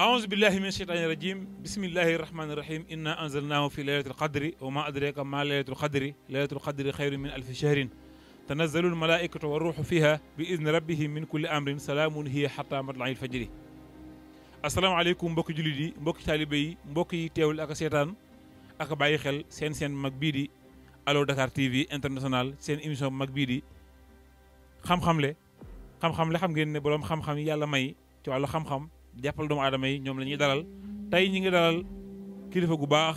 أعوذ بالله من الشيطان الرجيم بسم الله الرحمن الرحيم إنا أنزلناه في ليلة القدر وما أدريك ما ليلة القدر ليلة القدر خير من ألف شهر تنزل الملائكة والروح فيها بإذن ربهم من كل أمر سلام هي حتى مطلع الفجر asalaamaaleykum mbokki jullit yi mbokki taalibe yi mbokk yi teewul ak seetaan ak bàyyi xel seen seen mag bii di allo Dakar TV international seen émission mag bii di xam-xam le xam-xam le xam ngeen ne boroom xam-xam yi yàlla may ci wàllu xam-xam jàppal doomu aadama yi ñoom la ñuy dalal tey ñi ngi dalal kilifa gu baax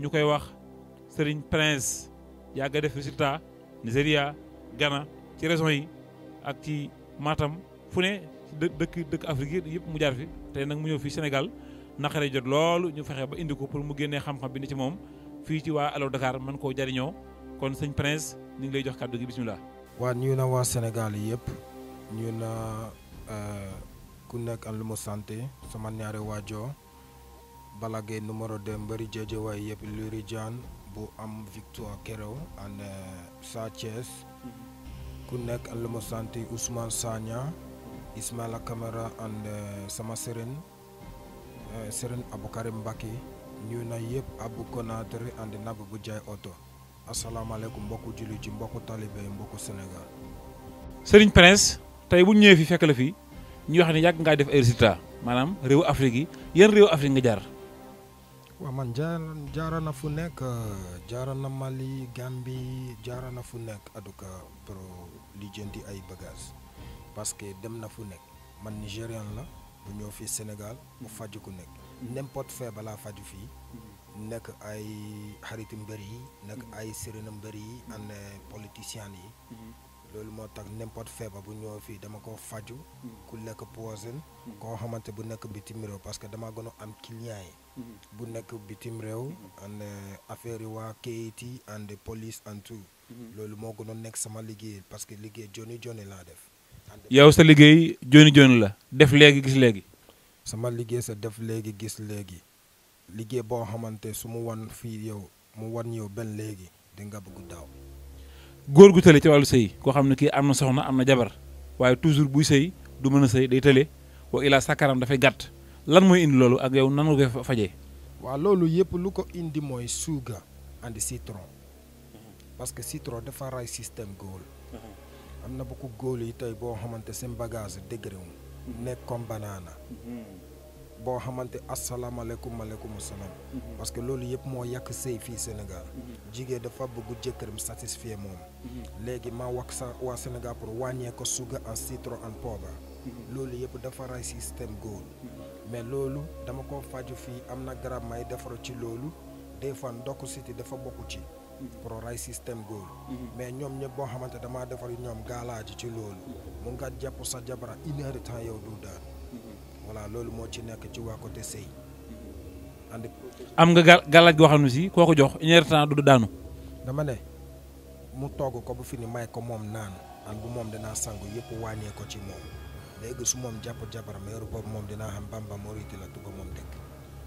ñu koy wax Serigne Prince yàgga def résultat Nigeria Ghana ci région yi ak ci Matam fu ne dëkk dëkk Afrique yëpp mu jaar fi te nag mu ñëw fii Sénégal naqare jot loolu ñu fexe ba indi ko pour mu génnee xam-xam bi ni ci moom fii ci waa Allo Dakar mën koo jariñoo kon sëñ Prince ñu ngi lay jox kàddu gi bisimilah. waa ñu na waa senegal yëpp ñu na. Euh, ku nekk an lu mu sama ñaari waajoo Balla Gaye numéro 2 mbëri Guédiawaye yëpp Lirou Diane bu am victoire kerew an euh, Sa Thiès ku nekk an lu mu sant Ousmane Sagna Ismaila Kamara and euh, sama sëriñ euh, sëriñ Abou Karim Mbacke ñu na yëpp Abou Konatré and nab bu jaay oto asalaamaaleykum mbokku jullit ci mbokku talibé mbokku senegal Serigne Prince tey bu ñëwee fi fekk la fi. ñu wax ne yàgg ngaa def ay résultats maanaam réew Afrique yi yan réew Afrique nga jaar. waaw man jaar jaara na fu nekk jaara na Mali Gambie jaara na fu nekk en tout cas pour ay bagages parce que dem na fu nekk man Nigérian la bu ñëw fii Sénégal bu faj ku nekk n'importe fait balaa faj fii nekk ay xaritu mbër yi nekk ay sëriñu mbër yi and politiciens yi. loolu moo tax n'importe feebar bu ñëw fii dama ko faju ku lekk poison koo xamante bu nekk bitim réew parce que dama gën a am client yi bu nekk bitim réew and eh, affaire yi waa KIT and police and tout loolu moo gën a nekk sama liggéey parce que liggéey joni joni laa def yow sa liggéey joni joni la def léegi gis léegi sama liggéey sa def léegi gis léegi liggéey boo xamante su mu wan fii yow mu wan yow benn léegi di nga bëgg daaw góor gu tële ci wàllu sëy koo xam ne kii am na soxna am na jabar waaye toujours buy sëy du mën a sëy day tële wa ilaa sàkkaram dafay gàtt lan mooy indi loolu ak yow nan nga koy fajee waa loolu yëpp lu ko indi mooy suuga andi citron parce que citron dafa ray système góol mhm. am na beaucoup góor yi tey boo xamante seen bagage dégré wu mhm. nekk comme banaana mhm. boo xamante asalaamaaleykum maaleykum salaam. Mm-hmm. parce que loolu yëpp moo yàkk sëy fii senegal mm-hmm. jigéen dafa bëgg jëkkëram satisfier moom. Mm-hmm. léegi ma wax sa waa senegal pour wàññee ko sugar en citron en ba loolu yëpp dafa ray système góor. mais loolu dama ko faju fii am na garab may defar ci loolu des fois ndokk siti dafa bokk ci. pour ray système góor. mais ñoom ñëpp boo xamante damaa defar ñoom gaalaaji ci loolu. mu nga jàpp sa jabara une heure yow du daan. voilà loolu mo ci nek ci wa côté sey ànd am nga galaj go goo si koo jox une du daanu dama ne mu togg ko bu fini may ko mom naan an bu mom dina sangu yep wañe ko ci moom léegi su japp jabar jabaram heure boobu moom dinaa xam bamba morite la tuba mom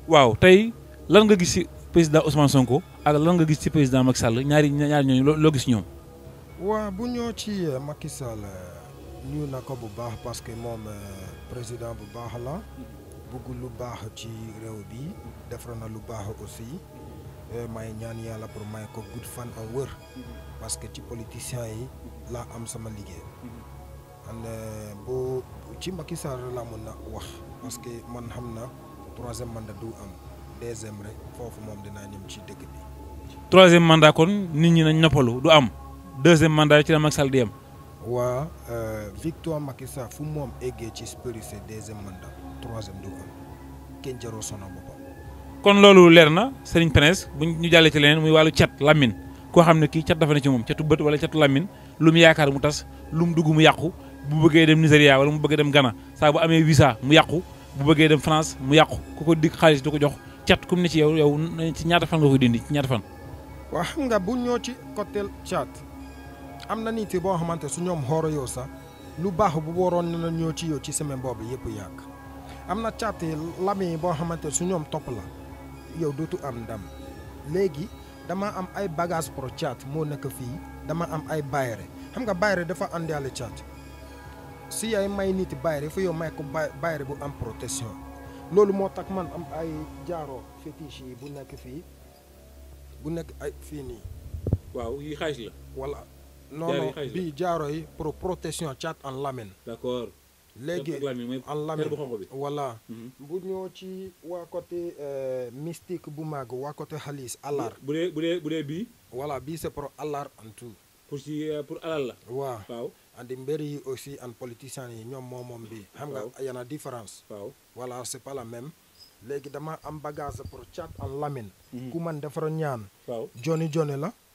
waw tay lan nga gis président Ousmane Sonko ak lan nga gis ci président Macky Sall ñaari ñaar ñoo lo gis ñom wa bu ñoo ci eh, Macky Sall eh, nuyu na ko bu baax parce que moom euh, président bu baax la bëgg lu baax ci réew bi defar na lu baax aussi euh, may ñaan yàlla pour may ko gudd fan en wër parce que ci politiciens yi laa am sama liggéey and euh, boo ci Macky Sall laa mën na wax parce que man xam na troisième mandat du am deuxième rek foofu moom dinaa ñëw ci dëkk bi troisième mandat kon nit ñi nañ noppalu du am deuxième mandat yi ci la Macky di am waa euh, victoire Macky Sall fu moom eggee ci spécificité kon loolu leer na Serigne Prince bu ñu jàllee ci leneen muy wàllu cat Lamine koo xam ne kii cat dafa ne ci moom catu bët wala catu Lamine lu mu yaakaar mu tas lu mu dugg mu yàqu bu bëggee dem Nigéria wala mu bëggee dem Ghana saa bu amee visa mu yàqu bu bëggee dem France mu yàqu ku ko dikk xaalis du ko jox cat kum ne ci yow yow ci ñaata fan nga koy dindi ci ñaata fan. waa xam nga bu ñoo ci côté cat. am na nit boo xamante su ñoom xooro yow sax lu baax bu waroon na ñoo ci yow ci semaine boobu yëpp yàq am na càtt lami boo xamante su ñoom topp la yow dootu am ndam léegi dama am ay bagage pro càtt moo nekk fii dama am ay bayre xam nga bayre dafa àndaale càtt si yaay may nit bayre fa yow bu am protesion loolu moo tax man am ay jaaro fétiche yi bu nekk fii bu nekk ay fii nii waaw yi xaalis la wala non non bii jaaro yi pour protection caat en lamine. d'accord léegi en lamine voilà. Mhm. bu ñëw ci waa côté euh, mystique bu mag waa côté xaalis alar. bu dee bu bii. voilà bii c'est pour alar en tout. Euh, pour alal la. waaw waaw. andi yi aussi an politiciens yi ñoom moom moom bii. xam nga différence. waaw voilà c'est léegi dama am bagage pour caat en lamine. Mhm. ku man defar ñaan. waaw joni joni la.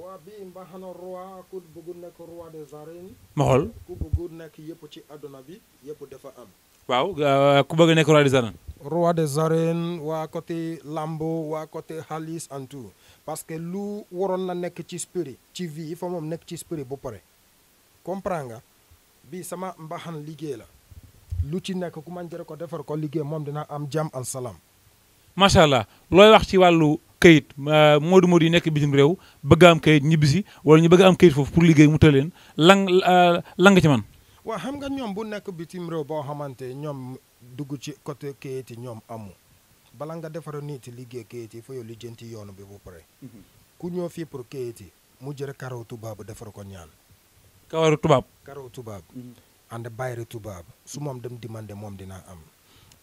waa bi mbaxana roi ku bëggu nekk roi des arènes. ma ku bëggu nekk yëpp ci àdduna bi yëpp dafa am. waaw euh, ku bëgg nekk roi des arènes. roi des arènes waa côté lambo waa côté xaalis en tout parce que lu waroon na nekk ci spirit ci vie il faut moom nekk ci spirit bu pare. comprend nga bi sama mbaxan liggéey la lu ci nekk ku man jëre ko defar ko liggéey moom dina am jàmm al salaam. macha allah looy wax ci wàllu kayit moodu moodu yi nekk bitim réew bëgg am kayit ñibbisi wala ñu bëgg am kayit foofu pour liggéey mu tëleen lang lan nga ci man waa xam nga ñoom bu nekk bitim réew boo xamante ñoom dugg ci côté kayit yi ñoom amu bala nga defara nit liggéey kayit yi fa yow lijjanti yoonu bi bu pare mhm. ku ñëw fii pour kayit yi mu jër karaw tubaab defar ko ñaan kawaru tubaab karaw tubaab ànd mhm. bayri tubaab su moom dem demandé moom dinaa am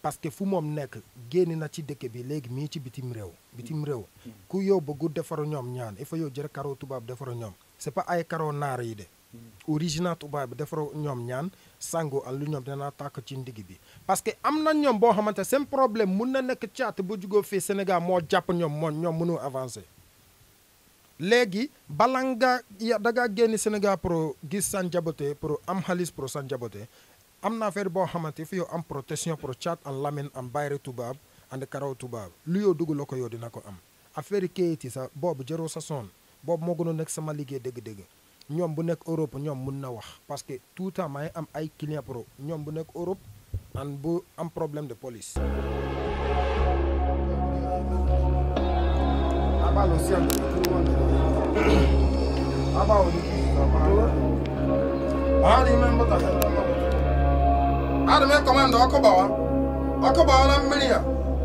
parce que fu moom nekk génn na ci dëkk bi léegi mii ci bitim réew bitim réew ku yow bëggu defaru ñoom ñaan il faut yow jël karo tubaab defaru ñoom c'est pas ay karo naar yi de original tubaab bi defaru ñoom ñaan sango an lu ñoom danaa tàkk ci ndigg bi parce que am na ñoom boo xamante seen problème mun na nekk caat ba jugoo fii Sénégal moo jàpp ñoom moo ñoom mënu avancer léegi bala nga da ngaa génn Sénégal pour gis San pour am xaalis pour San Diaboté am na affaire boo xamante fi am protection pour chat an lamin am bayre tubaab and karaw tubaab lu yow dugg la ko yow dina ko am affaire kayit yi sax boobu jaroo sa soon boobu moo gënoon nekk sama liggéey dégg dëgg ñoom bu nekk Europe ñoom mën na wax parce que tout temps maa ngi am ay client pro ñoom bu nekk Europe an bu am problème de police adị m kọmanda ọkụ gbawa ọkụ gbawara mmiri ya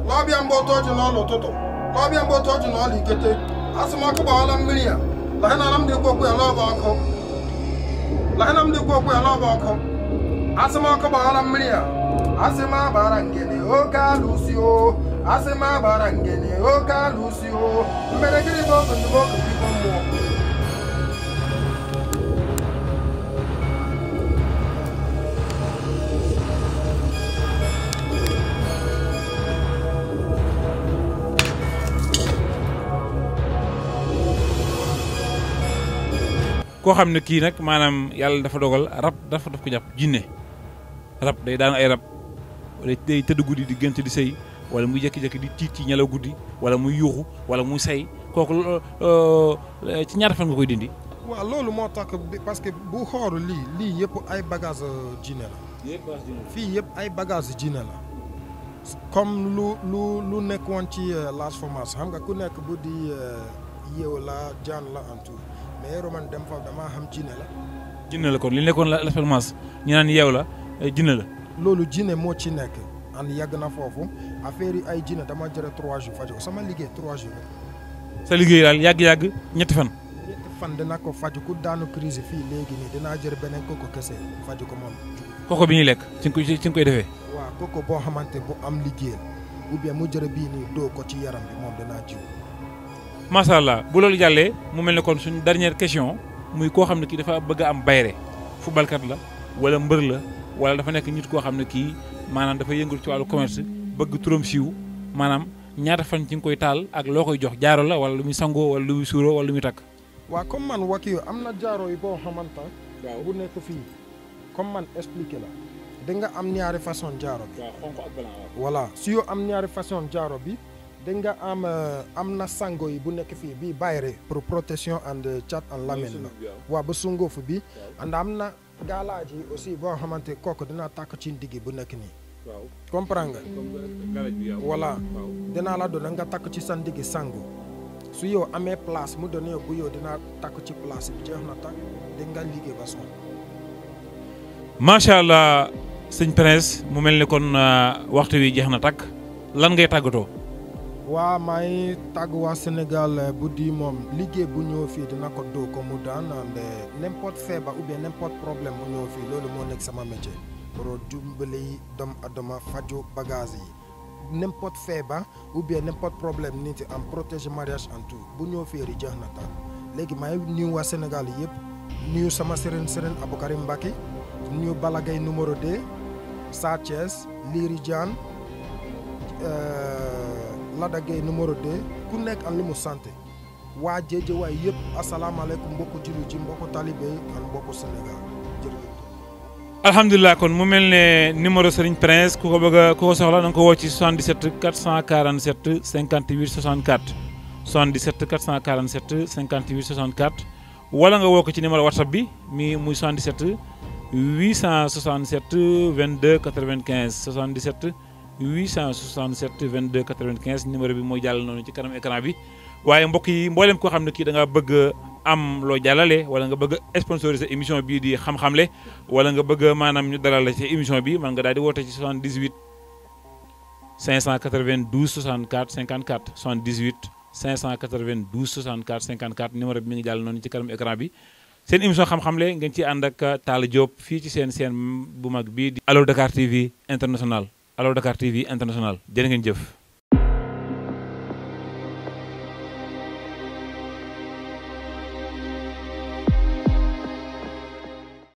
n'ọbịa mgbe otu ọjị n'ọlụ ụtụtụ n'ọbịa mgbe otu ọjị n'ọlụ ikete asị m ọkụ gbawara mmiri ya lahenara m dị okwu okwu ya n'ọba ọkụ lahena m dị okwu okwu ya n'ọba ọkụ asị m ọkụ gbawara mmiri ya asị m agbara ngene oke alụsi o asị m agbara ngene oke alụsi o mere gịnị bụ oge ndụmọdụ ibo mmụọ koo xam ne kii nag maanaam yàlla dafa dogal rab dafa daf ko jàpp jinne rab day daan ay rab wala day tëdd guddi di gënt di sëy wala mu jékki-jékki di tiit ci ñelaw guddi wala muy yuuxu wala muy say kooku euh, ci ñaata fan nga koy dindi. waaw loolu moo tax parce que bu xooru lii lii yëpp ay euh, bagage jinne la. fii yëpp ay bagage jinne la. comme lu lu lu nekkoon ci euh, large formation xam nga ku nekk bu di. yeew la jaan la en tout mais yeero man dem foofu damaa xam jinne la jinne la kon li nekkoon la l'espérance ñu naan yeew la eh, jinne la loolu jinne moo ci nekk an yàgg na foofu affaire ay jinne dama jëre trois jours faju sama liggéey trois jours sa liggéey daal yàgg-yàgg ñetti fan ñetti fan dina ko faj ku daanu crise fii léegi nii dinaa jër beneen koko kese faju ko moom koko bi ñuy lekk ci nga koy koy defee waaw koko boo xamante bu am liggéey ou bien mu jër bii nii doo ko ci yaram bi moom dinaa jiw macha allah bu loolu jàllee mu mel ne kon suñu dernière question muy koo xam ne kii dafa bëgg am bayre footballkat la wala mbër la wala dafa nekk nit koo xam ne kii maanaam dafa yëngul ci wàllu commerce bëgg turam siiw maanaam ñaata fan ci nga koy taal ak loo koy jox jaaro la wala lu muy sangoo wala lu muy suuroo wala lu muy takk. waa comme man wakiyu am na jaaro yi boo xamante waaw bu nekk fii comme man expliqué la. nga am ñaari façon jaaro bi. waaw am ñaari façon jaaro bi. dañ nga am euh, am na sango yi bu nekk fii bii Bayre pour protection and euh, chat and lamine la waaw ba sungoofu bi ànd am na gaalaaji aussi boo xamante kooku dina tàkk ci ndiggi bu nekk nii waaw comprendre nga euh, voilà dinaa la doon nga takk ci sa ndiggi sango su yow amee place mu doon yow bu yow dinaa takk ci place bi jeex na takk di nga liggéey ba soxla macha allah sëñ Prince mu mel ni kon waxtu wi jeex na takk lan ngay tàggatoo waa maa ngi tàggu waa Sénégal eh, bu di moom liggéey bu ñëw fii dina ko doo ko mu daan ah, mais n'importe feebar ou bien problème bu ñëw fii loolu moo nekk sama métier pour dimbali doomu aadama faju bagage yi n'importe feebar ou bien n'importe problème nit am protéger mariage en tout bu ñëw fii ri jeex na taal léegi maa ngi nuyu waa Sénégal yëpp sama sëriñ sëriñ Abou Karim Mbacké nuyu Balla Gaye numéro 2 Sa Thiès Lirou eh, Lada Gueye numéro 2 ku nekk am li mu santé waa Géejawaay yëpp asalaamaaleykum mbokku jullit yi mbokku talibé yi ak mbokku Sénégal jërëjëf. kon mu mel ne numéro Serigne Prince ku ko bëgg a ku ko soxla na nga ko woo ci 77 447 58 64 77 447 58 64 wala nga woo ko ci numéro WhatsApp bi mi muy 77 867 22 95 77. 867 22 95 numéro bi mooy jàll noonu ci kanam écran bi waaye mbokk yi mboolem koo xam ne kii danga ngaa bëgg am loo jàllale wala nga bëgg a sponsoriser émission bii di xam xam le wala nga bëgg maanaam ñu dalal la ci émission bi man nga daal di woote ci 78 592 64 54 78 592 64 54 numéro bi mi ngi jàll noonu ci kanam écran bi seen émission xam le ngeen ci ànd ak taal Diop fii ci seen seen bu mag bii di Allô Dakar TV international Allo Dakar TV international jërë ngeen jëf.